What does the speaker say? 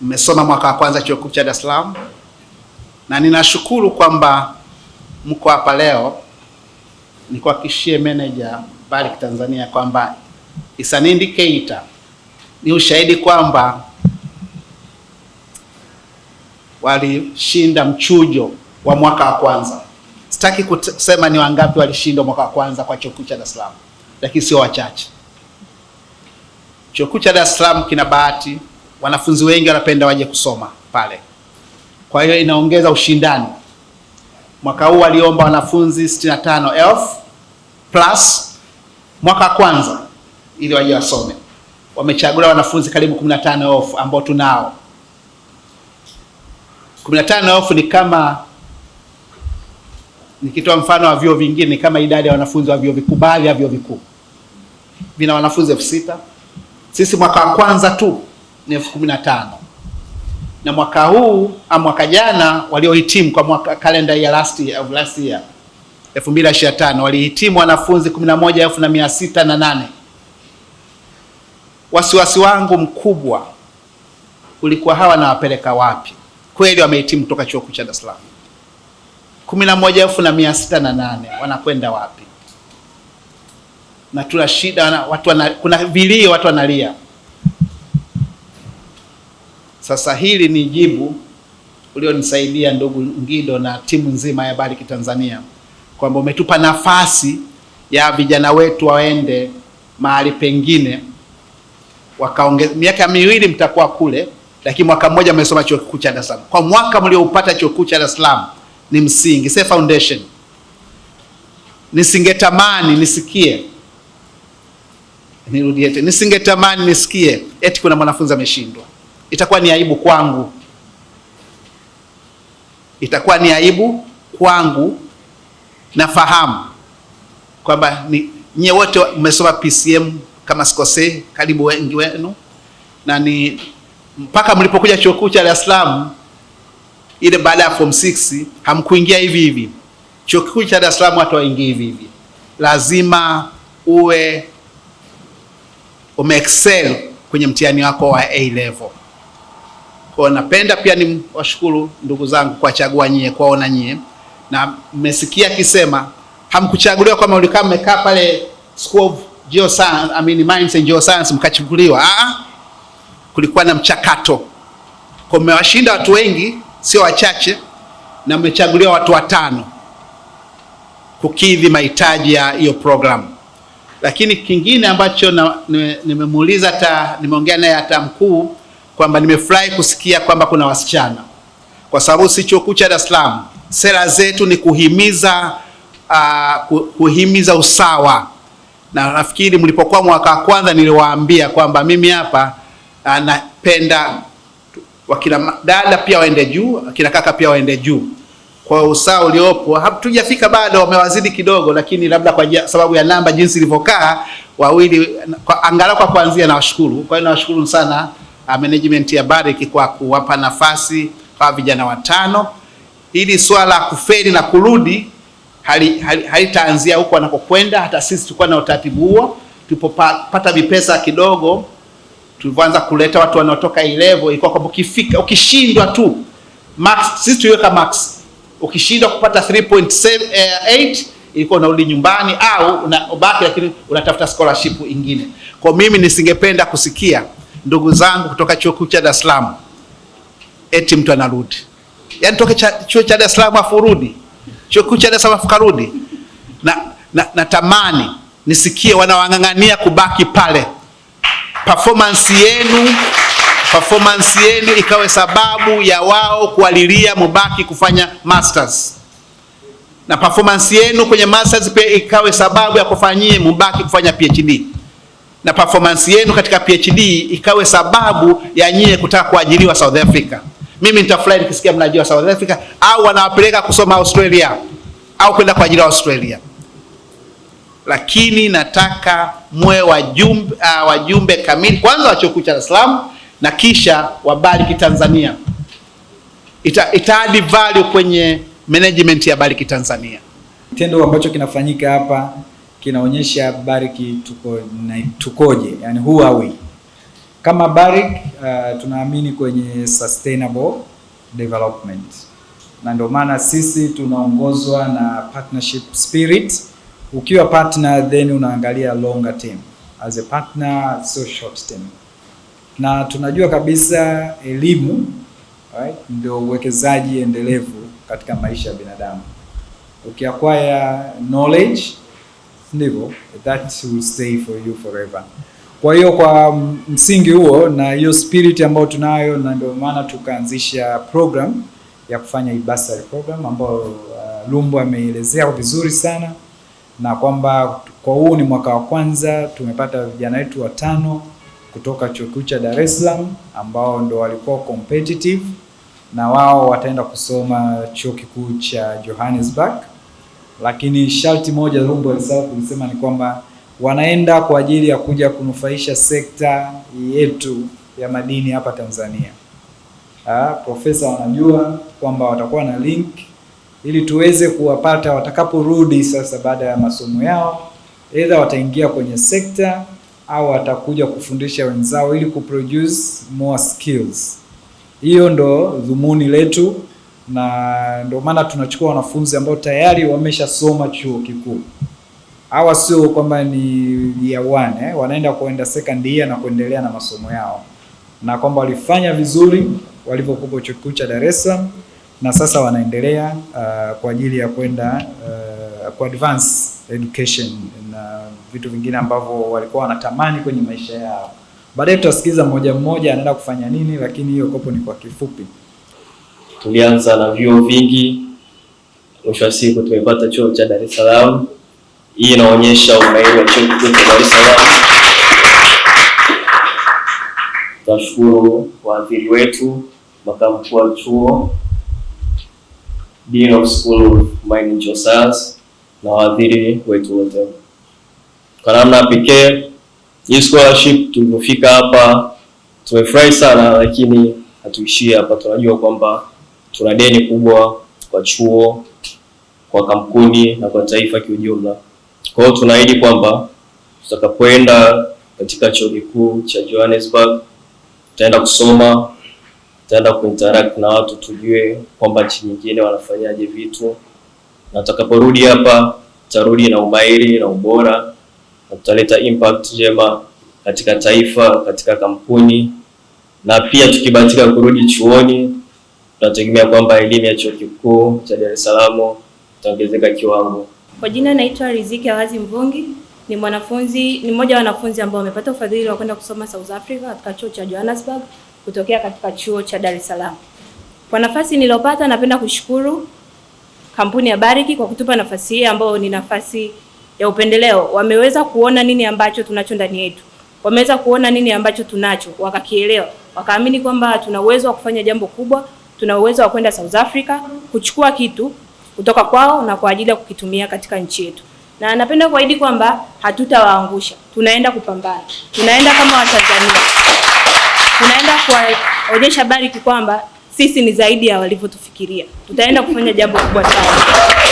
mmesoma mwaka wa kwanza chuo kikuu cha Dar es Salaam, na ninashukuru kwamba mko hapa leo. Nikuhakikishie meneja Barrick Tanzania kwamba it's an indicator, ni ushahidi kwamba walishinda mchujo wa mwaka wa kwanza. Sitaki kusema ni wangapi walishindwa mwaka wa kwanza kwa chuo kikuu cha Dar es Salaam, lakini sio wachache. Chuo kikuu cha Dar es Salaam kina bahati wanafunzi wengi wanapenda waje kusoma pale, kwa hiyo inaongeza ushindani. Mwaka huu waliomba wanafunzi 65,000 plus mwaka wa kwanza ili waje wasome. wamechagula wanafunzi karibu 15,000 ambao tunao. 15,000 ni kama nikitoa mfano wa vyuo vingine ni kama idadi ya wanafunzi wa vyuo vikuu, baadhi ya vyuo vikuu vina wanafunzi elfu sita. Sisi mwaka wa kwanza tu ni elfu kumi na tano na mwaka huu au ah, mwaka jana waliohitimu kwa mwaka kalenda ya last year of last year 2025 walihitimu wanafunzi 11608. Wasiwasi wangu mkubwa ulikuwa hawa nawapeleka wapi? Kweli wamehitimu kutoka chuo kikuu cha Dar es Salaam 11608, wanakwenda wapi? Na tuna shida, watu wana, kuna vilio, watu wanalia sasa hili ni jibu ulionisaidia ndugu Ngido na timu nzima ya Bariki Tanzania kwamba umetupa nafasi ya vijana wetu waende mahali pengine wakaongeza. Miaka miwili mtakuwa kule, lakini mwaka mmoja mmesoma chuo kikuu cha Dar es Salaam. Kwa mwaka mlioupata chuo kikuu cha Dar es Salaam ni msingi, say foundation. Nisingetamani nisikie, nirudie tena, nisingetamani nisikie eti kuna mwanafunzi ameshindwa itakuwa ni aibu kwangu, itakuwa ni aibu kwangu. Nafahamu kwamba nyie wote mmesoma PCM kama sikosei, karibu wengi wenu, na ni mpaka mlipokuja chuo kikuu cha Dar es Salaam ile baada ya form 6 hamkuingia hivi hivi. Chuo kikuu cha Dar es Salaam watu waingi hivi hivi, lazima uwe umeexcel kwenye mtihani wako wa A level. Kwa napenda pia ni washukuru ndugu zangu kwa chagua nyie, kwaona nyie na mmesikia kisema hamkuchaguliwa kama ulikuwa mmekaa pale School of Geoscience, I mean Mines and Geoscience mkachukuliwa. Ah, ah, kulikuwa na mchakato kwa mmewashinda watu wengi, sio wachache, na mmechaguliwa watu watano kukidhi mahitaji ya hiyo program. Lakini kingine ambacho nimemuuliza, nimeongea naye hata mkuu kwamba nimefurahi kusikia kwamba kuna wasichana, kwa sababu si chuo kikuu cha Dar es Salaam, sera zetu ni kuhimiza uh, kuhimiza usawa, na nafikiri mlipokuwa mwaka wa kwanza niliwaambia kwamba mimi hapa uh, napenda wakina dada pia waende juu, wakina kaka pia waende juu. Kwa usawa uliopo hatujafika bado, wamewazidi kidogo, lakini labda kwa sababu ya namba jinsi ilivyokaa wawili, angalau kwa kuanzia, nawashukuru. Kwa hiyo nawashukuru sana. Ah, management ya Barrick kwa kuwapa nafasi kwa vijana watano. ili swala kufeli na kurudi halitaanzia hali hali huko wanakokwenda. Hata sisi tulikuwa na utaratibu huo, tulipopata vipesa kidogo tulivyoanza kuleta watu wanaotoka ilevo, ilikuwa kwamba ukifika ukishindwa tu max, sisi tuliweka max, ukishindwa kupata 3.8 eh, ilikuwa unarudi nyumbani au unabaki, lakini unatafuta scholarship ingine. Kwa mimi nisingependa kusikia ndugu zangu kutoka chuo kikuu cha Dar es Salaam, eti mtu anarudi, yaani toke chuo cha Dar es Salaam afu rudi chuo kikuu cha Dar es Salaam afu karudi. Na, na, natamani nisikie wanawang'ang'ania kubaki pale, performance yenu performance yenu ikawe sababu ya wao kualilia mubaki kufanya masters na performance yenu kwenye masters pia ikawe sababu ya kufanyie mubaki kufanya PhD na performance yenu katika PhD ikawe sababu ya nyie kutaka kuajiriwa South Africa. Mimi nitafurahi nikisikia mnaajiriwa South Africa au wanawapeleka kusoma Australia au kwenda kuajiriwa Australia, lakini nataka mwe wajumbe, uh, wajumbe kamili kwanza wa chuo kikuu cha Dar es Salaam na kisha wabariki Tanzania. Ita, ita add value kwenye management ya bariki Tanzania. Kitendo ambacho kinafanyika hapa kinaonyesha bariki tuko, na, tukoje, yani who are we kama Barrick uh, tunaamini kwenye sustainable development na ndio maana sisi tunaongozwa na partnership spirit. Ukiwa partner then unaangalia longer term as a partner, so short term, na tunajua kabisa elimu right, ndio uwekezaji endelevu katika maisha ya binadamu. Ukiacquire knowledge ndivyo, that will stay for you forever. Kwa hiyo kwa msingi huo na hiyo spirit ambayo tunayo, na ndio maana tukaanzisha program ya kufanya ibasari program ambayo uh, Lumbo ameielezea vizuri sana, na kwamba kwa huu ni mwaka wa kwanza tumepata vijana wetu watano kutoka chuo kikuu cha Dar es Salaam ambao ndo walikuwa competitive na wao wataenda kusoma chuo kikuu cha Johannesburg lakini sharti moja Lumbo alisahau kusema ni kwamba wanaenda kwa ajili ya kuja kunufaisha sekta yetu ya madini hapa Tanzania. Ha, ah, profesa wanajua kwamba watakuwa na link ili tuweze kuwapata watakaporudi sasa baada ya masomo yao, either wataingia kwenye sekta au watakuja kufundisha wenzao ili kuproduce more skills. Hiyo ndo dhumuni letu na ndio maana tunachukua wanafunzi ambao tayari wameshasoma chuo kikuu. Hawa sio kwamba ni ya one eh, wanaenda kuenda second year na kuendelea na masomo yao, na kwamba walifanya vizuri walipokuwa chuo kikuu cha Dar es Salaam na sasa wanaendelea uh, kwa ajili ya kwenda uh, kwa advance education na vitu vingine ambavyo walikuwa wanatamani kwenye maisha yao. Baadaye tutasikiza mmoja mmoja anaenda kufanya nini, lakini hiyo kopo ni kwa kifupi. Tulianza na vyuo vingi, mwisho wa siku tumepata chuo cha Dar es Salaam. Hii inaonyesha umahiri wa chuo kikuu cha Dar es Salaam. Tunashukuru waadhiri wetu, makamu mkuu wa chuo, Dean of School of Mining Geoscience na waadhiri wetu wote. Kwa namna pekee hii scholarship tulipofika hapa tumefurahi sana, lakini hatuishii hapa. Tunajua kwamba Tuna deni kubwa kwa chuo, kwa kampuni na kwa taifa kiujumla. Kwa hiyo tunaahidi kwamba tutakapoenda katika chuo kikuu cha Johannesburg, tutaenda kusoma, tutaenda kuinteract na watu, tujue kwamba nchi nyingine wanafanyaje vitu, na tutakaporudi hapa tutarudi na umahiri na ubora na tutaleta impact njema katika taifa, katika kampuni na pia tukibahatika kurudi chuoni tunategemea kwamba elimu ya chuo kikuu cha Dar es Salaam itaongezeka kiwango. Kwa jina naitwa Riziki Awazi Mvungi, ni mwanafunzi ni mmoja wa wanafunzi ambao wamepata ufadhili wa kwenda kusoma South Africa katika chuo cha Johannesburg kutokea katika chuo cha Dar es Salaam. Kwa nafasi niliyopata, napenda kushukuru kampuni ya Bariki kwa kutupa nafasi hii ambayo ni nafasi ya upendeleo. Wameweza kuona nini ambacho tunacho ndani yetu, wameweza kuona nini ambacho tunacho, wakakielewa, wakaamini kwamba tuna uwezo wa kufanya jambo kubwa tuna uwezo wa kwenda South Africa kuchukua kitu kutoka kwao na kwa ajili ya kukitumia katika nchi yetu, na napenda kuahidi kwamba hatutawaangusha. Tunaenda kupambana, tunaenda kama Watanzania, tunaenda kuwaonyesha bariki kwamba sisi ni zaidi ya walivyotufikiria. Tutaenda kufanya jambo kubwa sana.